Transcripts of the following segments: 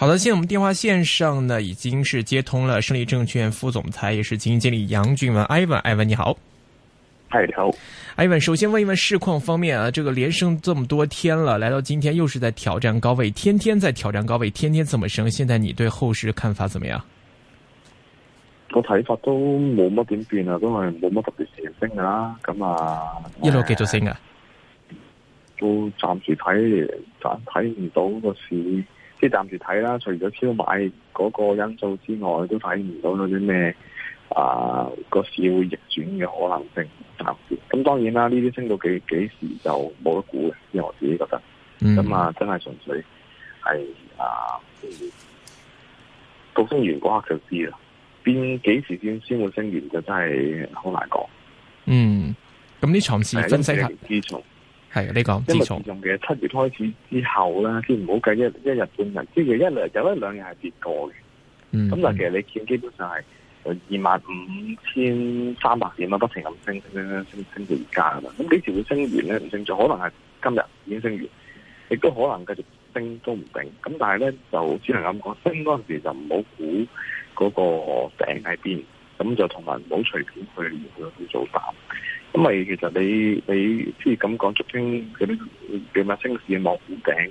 好的，現在我們電話線上呢，已經是接通了。勝利證券副總裁也是基金經理楊俊文，Ivan，Ivan 你好。嗨，你好，Ivan，首先問一問市況方面啊，這個連升這麼多天了，來到今天又是在挑戰高位，天天在挑戰高位，天天這麼升。現在你對後市看法怎麼樣？個睇法都冇乜點變是沒什麼啊，都係冇乜特別事升㗎啦。咁啊，一路繼續升啊，都暫時睇，暫睇唔到個市。即係暫時睇啦，除咗超買嗰個因素之外，都睇唔到嗰啲咩啊個市會逆轉嘅可能性暫時。咁當然啦，呢啲升到幾幾時就冇得估嘅，因為我自己覺得。咁、嗯、啊，真係純粹係啊，到升完嗰刻就知啦。邊幾時先先會升完，就真係好難講。嗯。咁呢？嘗試分析下。係，你講，自重嘅七月開始之後咧，先唔好計一一日半日，即係一兩有一兩日係跌過嘅。嗯,嗯，咁但係其實你見基本上係有二萬五千三百點啊，不停咁升升升升升到而家噶啦。咁幾時會升完咧？唔清楚，可能係今日已經升完，亦都可能繼續升都唔定。咁但係咧就只能咁講，升嗰陣時候就唔好估嗰個頂喺邊，咁就同埋唔好隨便去去做單。咁咪其實你你即係咁講，俗稱啲叫咩升市莫估頂。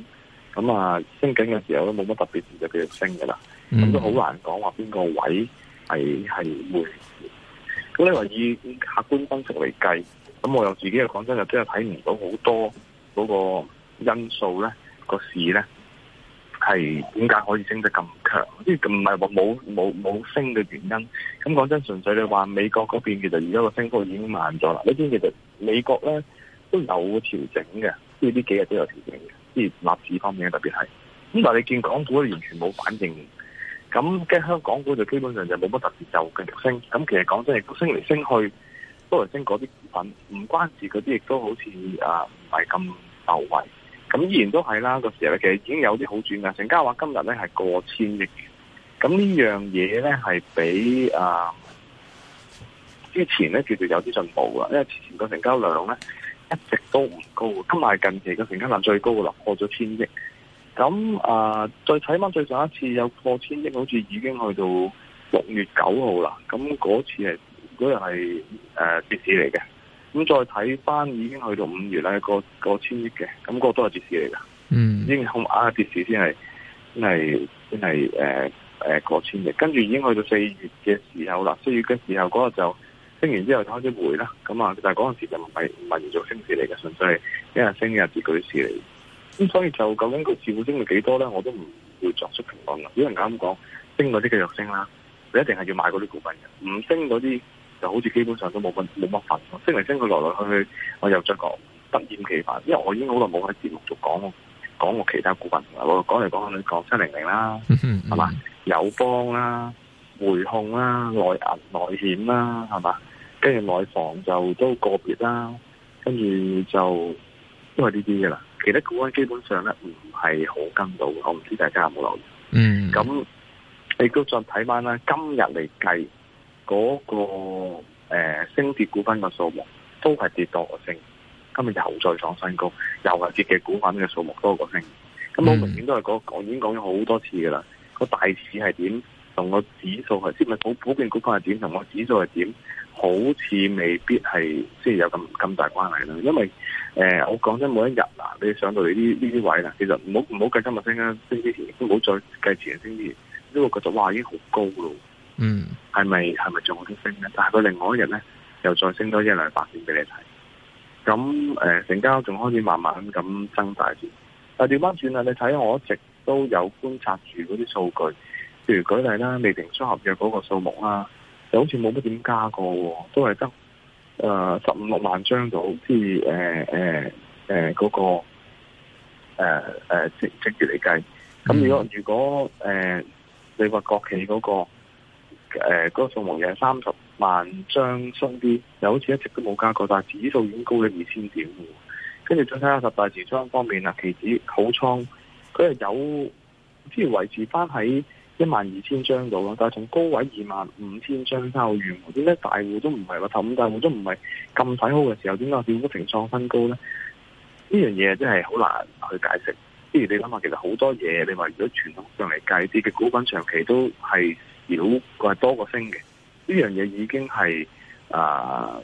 咁啊升緊嘅時候都冇乜特別事就繼續升嘅啦。咁都好難講，話邊個位係係回事。咁你話以客觀分析嚟計，咁我又自己又講真就真係睇唔到好多嗰個因素咧，嗰個市咧係點解可以升得咁強，即係唔係話冇冇冇升嘅原因。咁講真，純粹你話美國嗰邊，其實而家個升幅已經慢咗啦。呢啲其實美國咧都有調整嘅，即係呢幾日都有調整嘅，即係納指方面特別係。咁但係你見港股呢完全冇反應，咁即係香港股就基本上就冇乜特別就繼續升。咁其實講真，係升嚟，升去，都係升嗰啲股份，唔關事嗰啲亦都好似啊唔係咁受惠。咁依然都係啦個時候咧，其實已經有啲好轉啦。成交話今日咧係過千億嘅，咁呢樣嘢咧係比啊之前咧叫做有啲進步啦，因為之前個成交量咧一直都唔高，今日係近期個成交量最高嘅咯，破咗千億。咁啊，再睇翻最上一次有破千億，好似已經去到六月九號啦。咁嗰次係嗰日係誒跌市嚟嘅。咁再睇翻，已經去到五月咧，過過千億嘅，咁、那、嗰個都係跌市嚟噶。嗯，應好硬嘅跌市先係，真係真係誒誒過千億。跟住已經去到四月嘅時候啦，四月嘅時候嗰個就升完之後就開始回啦。咁、那、啊、個，但係嗰陣時就唔係唔係做升市嚟嘅，純粹係一日升一日跌嗰啲事嚟。咁、那個、所以就究竟個市會升到幾多咧？我都唔會作出評論，如果人咁講，升嗰啲繼續升啦，你一定係要買嗰啲股份嘅，唔升嗰啲。就好似基本上都冇分冇乜份咯，升嚟升去來來去去，我又再講不厭其煩，因為我已經好耐冇喺節目度講講過其他股份啦，我講嚟講去講七零零啦，係嘛？ 是吧 友邦啦、匯控啦、內銀內險啦，係嘛？跟住內房就都個別啦，跟住就都係呢啲噶啦，其他股份基本上咧唔係好跟到，我唔知大家有冇留意？嗯， 咁你都再睇翻啦，今日嚟計。嗰、那個誒、呃、升跌股份嘅數目都係跌多過升，今日又再創新高，又係跌嘅股份嘅數目多過升。咁、那個、我明顯都係講，已經講咗好多次㗎喇。那個大市係點同個指數係，即係咪普普遍股份係點同個指數係點，好似未必係即係有咁咁大關係啦。因為誒、呃，我講真，每一日嗱，你上到嚟呢呢啲位啦，其實唔好唔好計今日升啊升之前，唔好再計前日升啲。因為覺得哇已經好高咯。嗯、mm.，係咪係咪仲有啲升咧？但係佢另外一日咧，又再升多一兩百點俾你睇。咁誒、呃，成交仲開始慢慢咁增大住。但係調翻轉啦，你睇我一直都有觀察住嗰啲數據，譬如舉例啦，未平出合約嗰個數目啦，就好似冇乜點加過，都係得誒十五六萬張到，即係誒誒誒嗰個誒誒直直接嚟計。咁、呃呃 mm. 如果如果誒你話國企嗰、那個？誒、呃，個數目亦係三十萬張鬆啲，又好似一直都冇加過，但係指數已經高咗二千點嘅。跟住再睇下十大持倉方面啊，期指好倉，佢係有之前維持翻喺一萬二千張度啦，但係從高位二萬五千張之後，原來點解大戶都唔係話投，頭五大戶都唔係咁睇好嘅時候，點解點解平倉創新高咧？呢樣嘢真係好難去解釋。不如你諗下，其實好多嘢，你話如果傳統上嚟計啲嘅股份長期都係。表佢係多過升嘅呢樣嘢，已經係啊、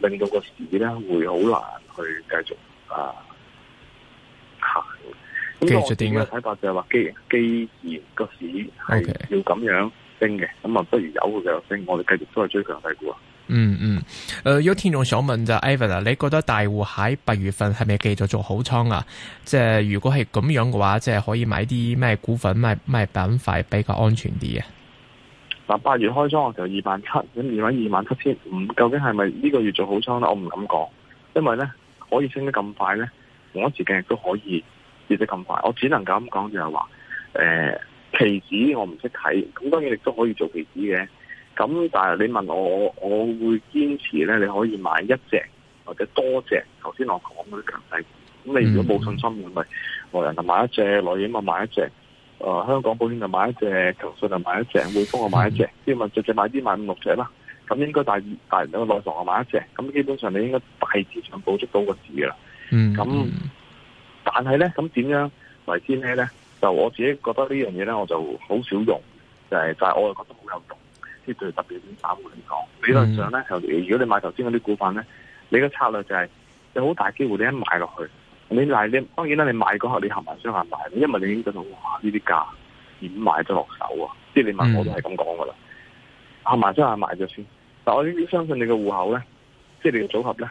呃，令到個市咧會好難去繼續啊行。咁、呃、所以我嘅睇法就係話，既既然個市係要咁樣升嘅，咁、okay、啊不如有嘅就升，我哋繼續都係追強勢股啊。嗯嗯，誒、呃，有聽眾想問就 Evan 啊，Evan, 你覺得大戶喺八月份係咪繼續做好倉啊？即係如果係咁樣嘅話，即係可以買啲咩股份、咩咩板塊比較安全啲啊？嗱八月開倉我就二萬七，咁二萬二萬七千五，究竟係咪呢個月做好倉咧？我唔敢講，因為咧可以升得咁快咧，同一時間亦都可以跌得咁快，我只能夠咁講就係、是、話，誒、呃、期指我唔識睇，咁當然亦都可以做期指嘅，咁但係你問我，我會堅持咧，你可以買一隻或者多隻，頭先我講啲強勢，咁你如果冇信心，咪、嗯、來人就買一隻，耐嘢咁啊買一隻。誒、呃，香港保險就買一隻，球信就買一隻，匯豐我買一隻、嗯、隻，即係問隻隻買啲買五六隻啦。咁應該大大兩個內房我買一隻，咁基本上你應該大致上捕捉到個字噶啦。嗯、咁、嗯、但係咧,咁點樣為先咧？咧就我自己覺得這件事呢樣嘢咧，我就好少用，就係、是、就係我係覺得好有用。即係對特別啲散戶嚟講，理論上咧，係如果你買頭先嗰啲股份咧，你嘅策略就係、是、有好大機會你一買落去。你嗱，你當然啦，你買嗰刻你合埋雙眼買，因為你已經知道呢啲價點買得落手啊！即係你問我都係咁講噶啦，合埋雙眼買咗先。但我已經相信你嘅戶口咧，即係你嘅組合咧，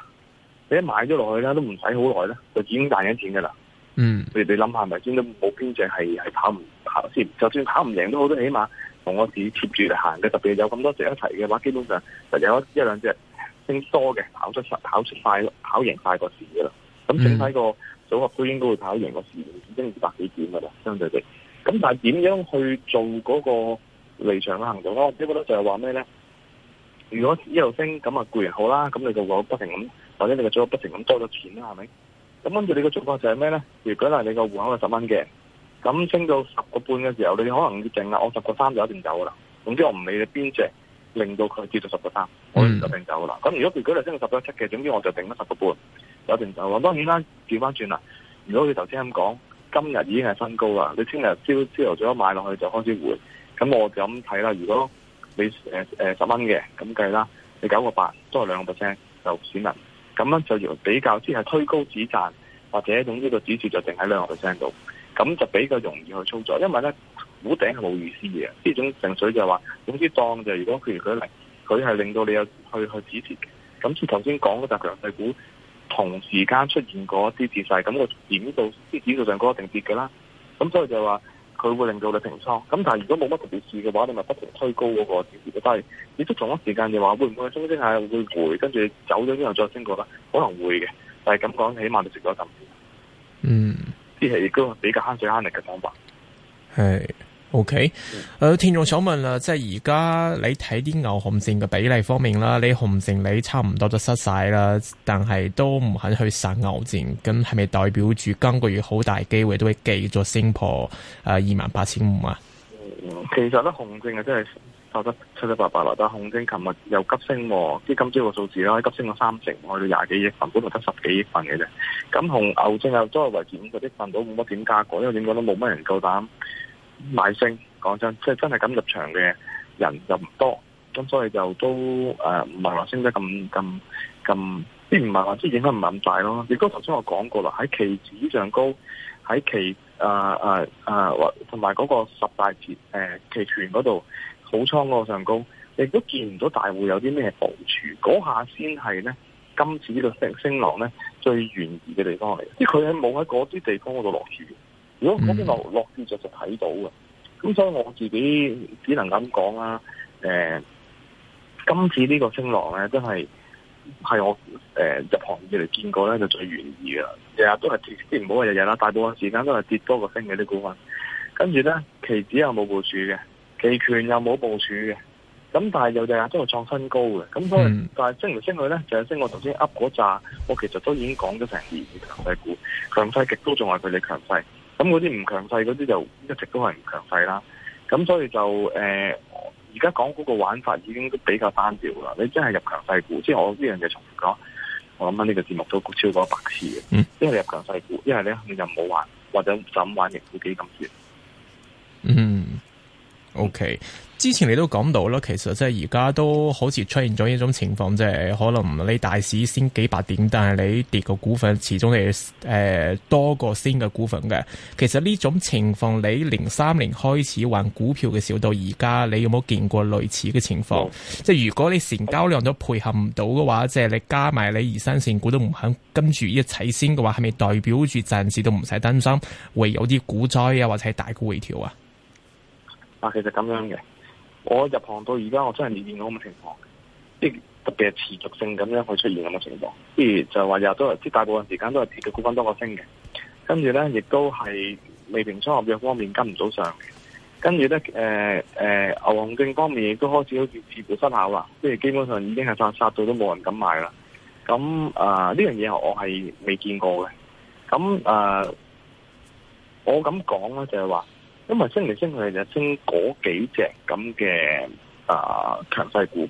你一買咗落去咧，都唔使好耐咧，就已經賺緊錢噶啦。嗯，你你諗下係咪先，都冇邊隻係係跑唔跑先，就算跑唔贏都好，都起碼同我自己貼住嚟行嘅。特別有咁多隻一齊嘅話，基本上就有一一兩隻升多嘅，跑出跑出快，跑贏快過市噶啦。咁整體個組合都應該會跑贏個市，已經二百幾點噶啦，相對地。咁但係點樣去做嗰個離場嘅行動咧？只呢個咧就係話咩咧？如果一路升，咁啊固然好啦，咁你就會不停咁，或者你嘅組合不停咁多咗錢啦，係咪？咁跟住你嘅做法就係咩咧？如果係你個戶口係十蚊嘅，咁升到十個半嘅時候，你可能要靜啦。我十個三就一定走啦。總之我唔理你邊隻，令到佢跌到十個三，我一定走啦。咁、mm. 如果佢果係升到十個七嘅，總之我就定多十個半。有定就話，當然啦。調翻轉啦，如果你頭先咁講，今日已經係新高啦。你聽日朝朝頭早一買落去就開始回。咁我就咁睇啦。如果你誒誒十蚊嘅咁計啦，你九個八都係兩個 percent 就損人。咁咧就比較即係推高止蝕，或者總之個止蝕就定喺兩個 percent 度，咁就比較容易去操作。因為咧估頂係冇意思嘅，呢種情緒就係話總之當就。如果譬如佢嚟，佢係令到你有去去止蝕。咁似頭先講嗰隻強勢股。同時間出現嗰啲跌勢，咁個點到即指數上嗰一定跌嘅啦。咁所以就話佢會令到你平倉。咁但係如果冇乜特別事嘅話，你咪不停推高嗰個跌勢，但係你都同一時間嘅話會唔會中間升下？會回？跟住走咗之後再升過啦，可能會嘅。但係咁講，起碼你食咗啖。嗯，啲係一個比較慳水慳力嘅方法。係。OK，誒、uh，聽眾想問啦，即係而家你睇啲牛熊線嘅比例方面啦，你熊線你差唔多都失晒啦，但係都唔肯去殺牛線，咁係咪代表住今個月好大機會都會繼續升破誒二萬八千五啊？Uh, 28, 其實咧，熊線啊，真係收得七七八八啦，但係熊線，琴日又急升，即今朝個數字啦，急升咗三成，開咗廿幾億份，本來得十幾億份嘅啫，咁熊牛線又都係維持咁嗰啲份數冇乜點加過，因為點講都冇乜人夠膽。買升講真，即係真係咁入場嘅人就唔多，咁所以就都誒唔係話升得咁咁咁，即係唔係話即係影響唔係咁大咯。亦都頭先我講過啦，喺期指上高，喺期誒誒誒，同埋嗰個十大誒期權嗰度好倉嗰個上高，亦都見唔到大戶有啲咩部署，嗰下先係咧今次呢個升升浪咧最懸疑嘅地方嚟，即係佢係冇喺嗰啲地方嗰度落注。如果嗰邊落落咗就睇到嘅。咁所以我自己只能咁講啦。誒、欸,今次個星呢個升浪咧,都係係我誒、欸、入行以嚟見過咧就最原意疑啦，日日都係跌,唔好話日日啦,大部分時間都係跌多過升嘅啲股份。跟住咧,期指又冇部署嘅,期權又冇部署嘅。咁但係又日日都係創新高嘅。咁所以,嗯、但係升唔升去咧,就係、是、升。我頭先 up 嗰扎,我其實都已經講咗成年嘅強勢股,強勢極都仲話佢哋強勢。咁嗰啲唔強勢嗰啲就一直都係唔強勢啦，咁所以就誒，而家講嗰個玩法已經比較單調啦。你真係入強勢股，即係我呢樣嘢重講，我諗翻呢個節目都超過百次嘅，即、嗯、係入強勢股，一係肯定就唔好玩或者唔想玩盈富基金添。O、okay. K，之前你都講到啦，其實即係而家都好似出現咗一種情況，即係可能你大市升幾百點，但係你跌個股份始終係誒、呃、多過升嘅股份嘅。其實呢種情況，你零三年開始玩股票嘅時候到而家，你有冇見過類似嘅情況？即、yeah. 係如果你成交量都配合唔到嘅話，即、就、係、是、你加埋你二三綫股都唔肯跟住一齊升嘅話，係咪代表住暫時都唔使擔心會有啲股災啊，或者係大股回調啊？其實咁樣嘅，我入行到而家，我真係未見到咁嘅情況，即特別係持續性咁樣去出現咁嘅情況，譬如就話日都係，即、就是、大部分時間都係跌嘅股份多過升嘅，跟住咧亦都係未平倉合約方面跟唔到上嘅，跟住咧誒誒，牛、呃、熊證、呃、方面亦都開始好似似乎失效啦，即係基本上已經係殺殺到都冇人敢買啦，咁啊呢樣嘢我係未見過嘅，咁啊、呃、我咁講咧就係話。因為升嚟升去就升嗰幾隻咁嘅啊強勢股，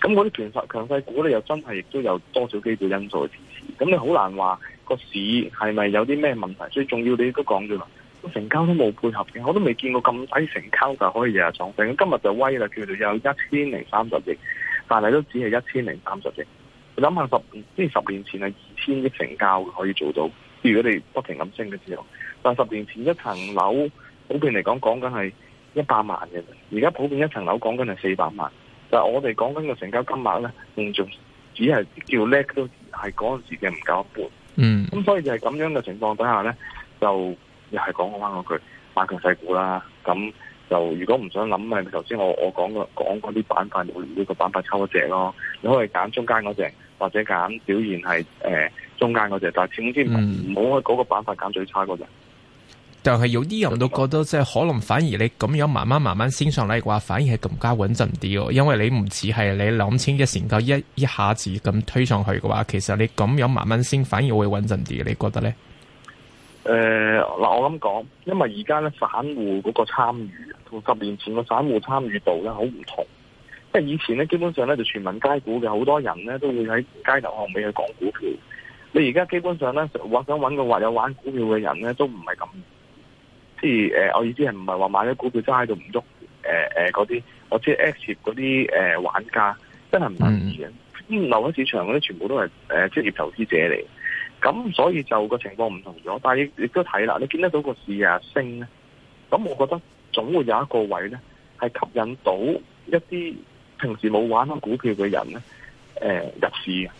咁嗰啲強勢股咧又真係亦都有多少啲嘅因素支持，咁你好難話，個市係咪有啲咩問題？最重要你都講咗啦，成交都冇配合嘅，我都未見過咁低成交就可以日日漲升。咁今日就威啦，叫做有一千零三十億，但係都只係一千零三十億。諗下十，即係十年前係二千億成交可以做到，如，如果你不停咁升嘅時候，但係十年前一層樓。普遍嚟講，講緊係一百萬嘅，而家普遍一層樓講緊係四百萬。但係我哋講緊嘅成交金額咧，仲只係叫叻都係嗰陣時嘅，唔夠一半。Mm. 嗯。咁所以就係咁樣嘅情況底下咧，就又係講返嗰句買強勢股啦。咁就如果唔想諗係咪，頭先我我講嘅講嗰啲板塊，會呢個板塊抽一隻咯。你可以揀中間嗰隻，或者揀表現係誒中間嗰隻，但係千千唔好去嗰個板塊揀最差嗰隻。但係有啲人都覺得，即係可能反而你咁樣慢慢慢慢升上嚟嘅話，反而係更加穩陣啲。因為你唔似係你兩千一成九一一下子咁推上去嘅話，其實你咁樣慢慢升，反而會穩陣啲。你覺得呢？誒，嗱，我咁講，因為而家咧散戶嗰個參與，同十年前個散戶參與度咧好唔同。即係以前咧，基本上咧就全民街股嘅，好多人咧都會喺街頭巷尾去講股票。你而家基本上咧，我想揾個話有玩股票嘅人咧，都唔係咁。即係誒，我意思係唔係話買咗股票齋喺度唔喐？誒誒，嗰、呃、啲、呃、我即係 active 嗰啲誒玩家真係唔容易嘅。嗯嗯。因為留喺市場嗰啲全部都係誒職業投資者嚟，咁所以就個情況唔同咗。但係亦都睇啦，你見得到個市啊升咧，咁我覺得總會有一個位咧係吸引到一啲平時冇玩過股票嘅人咧，誒、呃、入市。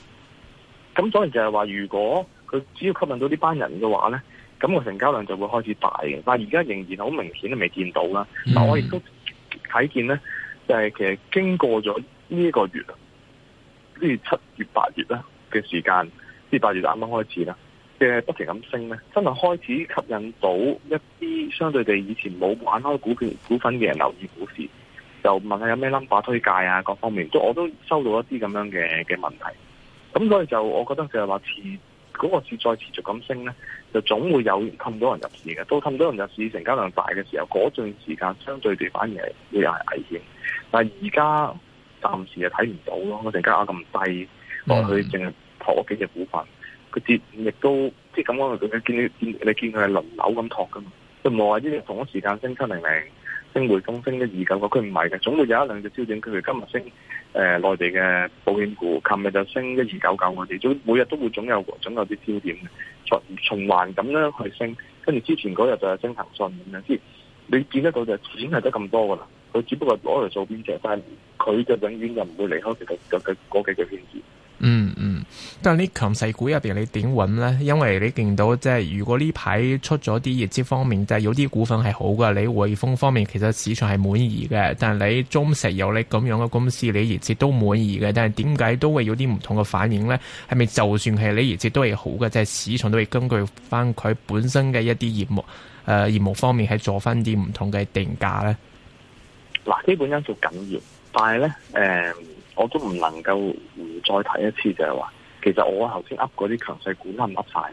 咁所以就係話，如果佢只要吸引到呢班人嘅話咧。咁個成交量就會開始大嘅，但而家仍然好明顯都未見到啦。嗱、嗯，但我亦都睇見咧，就係其實經過咗呢一個月啊，呢七月八月啦嘅時間，呢八月就啱啱開始啦，即係不停咁升咧，真係開始吸引到一啲相對地以前冇玩開股票股份嘅人留意股市，就問下有咩 number 推介啊，各方面，都我都收到一啲咁樣嘅嘅問題。咁所以就我覺得就係話似。如果個市再持續咁升咧，就總會有氹到人入市嘅，到氹到人入市成交量大嘅時候，嗰陣時間相對地反而係會有係危險。但係而家暫時就睇唔到咯，成交額咁低，落去淨係託幾隻股份，佢跌亦都即係咁樣，見你見你見佢係輪流咁托噶嘛，就唔係話呢啲同一時間升七零零，升匯豐升一二九個，佢唔係嘅，總會有一兩隻超短，佢哋今日升。誒、呃，內地嘅保險股，琴日就升一二九九，我哋每日都會總有總有啲焦點嘅重循環咁咧去升，跟住之前嗰日就係升騰訊咁樣，即係你見得到就錢係得咁多噶啦，佢只不過攞嚟做邊隻，但佢就永遠就唔會離開佢嘅嗰幾個圈子。嗯嗯，但係呢強勢股入邊你點揾咧？因為你見到即係如果呢排出咗啲業績方面，即係有啲股份係好噶。你匯豐方面其實市場係滿意嘅，但係你中石油你咁樣嘅公司你業績都滿意嘅，但係點解都會有啲唔同嘅反應咧？係咪就算係你業績都係好嘅，即係市場都會根據翻佢本身嘅一啲業務誒、呃、業務方面係做翻啲唔同嘅定價咧？嗱，基本因素緊要，但係咧誒。呃我都唔能夠再睇一次，就係、是、話，其實我頭先噏嗰啲強勢股都唔噏晒。嘅。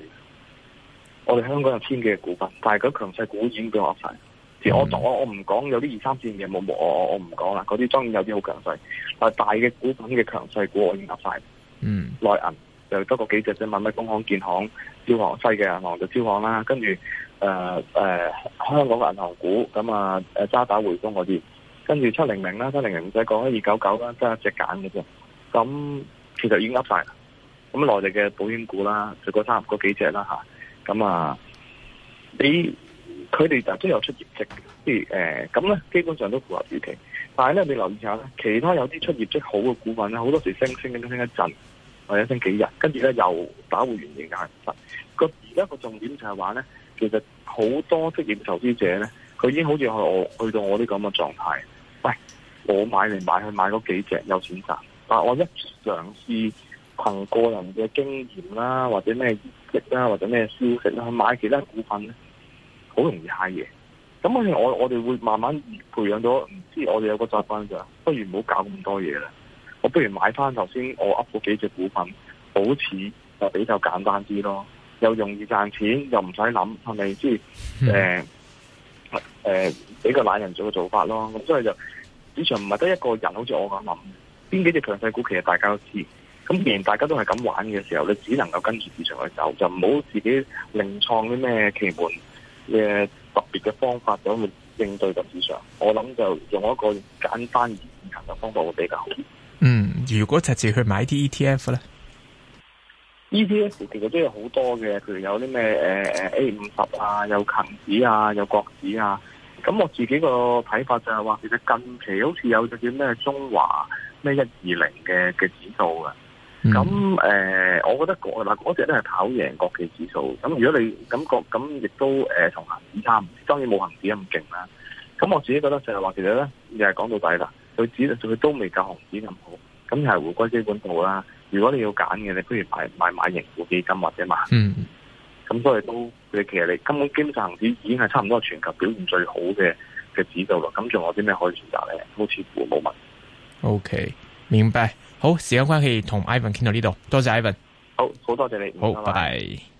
我哋香港有千幾隻股份，但係嗰強勢股已經畀我噏晒。晒。係我我我唔講有啲二三線嘅冇冇，我我木木我唔講啦。嗰啲當然有啲好強勢，但係大嘅股份嘅強勢股我已經噏晒。嗯，內銀就得過幾隻就問咩工行、建行、招行細嘅銀行就招行啦，跟住誒香港嘅銀行股，咁、呃、啊渣打回、匯豐嗰啲。跟住七零零啦，七零零唔使講一二九九啦，真係一隻揀嘅啫。咁其實已經噏晒啦。咁內地嘅保險股啦，就嗰三十個幾隻啦吓。咁啊，你佢哋就都有出業績，即係誒咁咧，基本上都符合預期。但係咧，你留意下咧，其他有啲出業績好嘅股份咧，好多時升升升一陣，或者升幾日，跟住咧又打回原形。但係而家個重點就係話咧，其實好多職業投資者咧，佢已經好似係我去到我啲咁嘅狀態。我買嚟買去買嗰幾隻有錢賺，但我一嘗試憑個人嘅經驗啦，或者咩意識啦，或者咩消息啦，去買其他股份咧，好容易下嘢。咁我我哋會慢慢培養咗，即係我哋有個習慣就，不如唔好搞咁多嘢啦。我不如買翻頭先我 Up 嗰幾隻股份，好似就比較簡單啲咯，又容易賺錢，又唔使諗係咪，即係誒誒，比較懶人做嘅做法咯。咁所以就。市場唔係得一個人，好似我咁諗。邊幾隻強勢股，其實大家都知。咁既然大家都係咁玩嘅時候，你只能夠跟住市場去走，就唔好自己另創啲咩奇門嘅特別嘅方法去應對咁市場。我諗就用一個簡單而易行嘅方法會比較好。嗯，如果直接去買啲 ETF 咧，ETF 其實都有好多嘅，譬如有啲咩誒誒 A 五十啊，有恆指啊，有國指啊。咁我自己個睇法就係話，其實近期好似有隻叫咩中華咩一二零嘅嘅指數咁誒、嗯呃，我覺得嗰嗱嗰隻咧係跑贏國企指數。咁如果你感覺咁亦都同、呃、恆指差唔，當然冇恆指咁勁啦。咁我自己覺得就係、是、話，其實咧又係講到底啦，佢指佢都未夠恆指咁好，咁又係回歸基本度啦。如果你要揀嘅，你不如買買買，買盈富基金或者買。嗯咁所以都你其實你根本經濟恒指已經係差唔多全球表現最好嘅嘅指數啦，咁仲有啲咩可以選擇咧？好似乎，冇問。OK，明白。好，時間關係，同 Ivan 傾到呢度，多謝 Ivan。好，好多謝你，好，拜拜。拜拜。